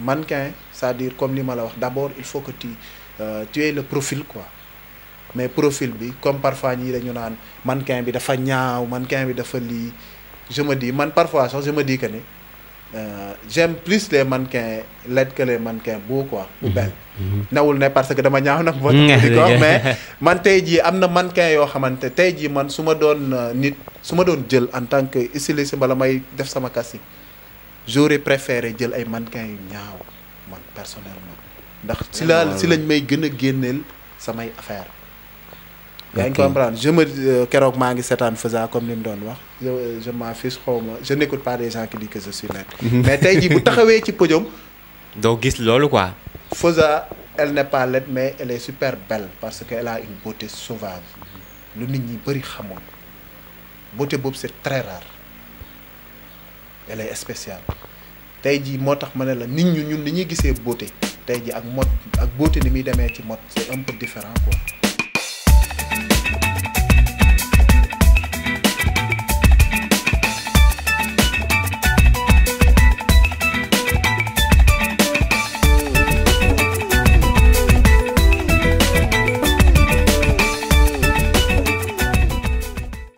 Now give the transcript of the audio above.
mannequin c'est-à-dire comme les d'abord il faut que tu euh, tu aies le profil quoi mais profil comme parfois qui dañu naan mannequin bi dafa ñaaw mannequin bi dafa li. je me dis man parfois je me dis que euh, j'aime plus les mannequins que les mannequins beaux quoi ou mhm. belles mhm. nawul ne parce que dama ñaaw nak mais man tay mannequin yo, mannequins, man suma euh, nit en tant que def j'aurais préféré jël ay mannequins yu ñaaw man personnellement ndax si la si ah, lañ may gëna gënël samay affaire Vous ngi comprendre je me euh, kérok ma ngi un faisa comme ni mu doon wax je euh, je m'en fiche je n'écoute pas des gens qui disent que je suis laide mhm. mais tay ji bu taxawé ci podium do gis lolu quoi faisa elle n'est pas laide mais elle est super belle parce qu'elle a une beauté sauvage lu nit ñi pas. xamoon beauté bob c'est très rare elle est spéciale tey jii moo tax ma ne la nit ñu ñun li ñuy gisee beauté tey jii ak mot ak beauté ni muy demee ci mode c'est un peu différent quoi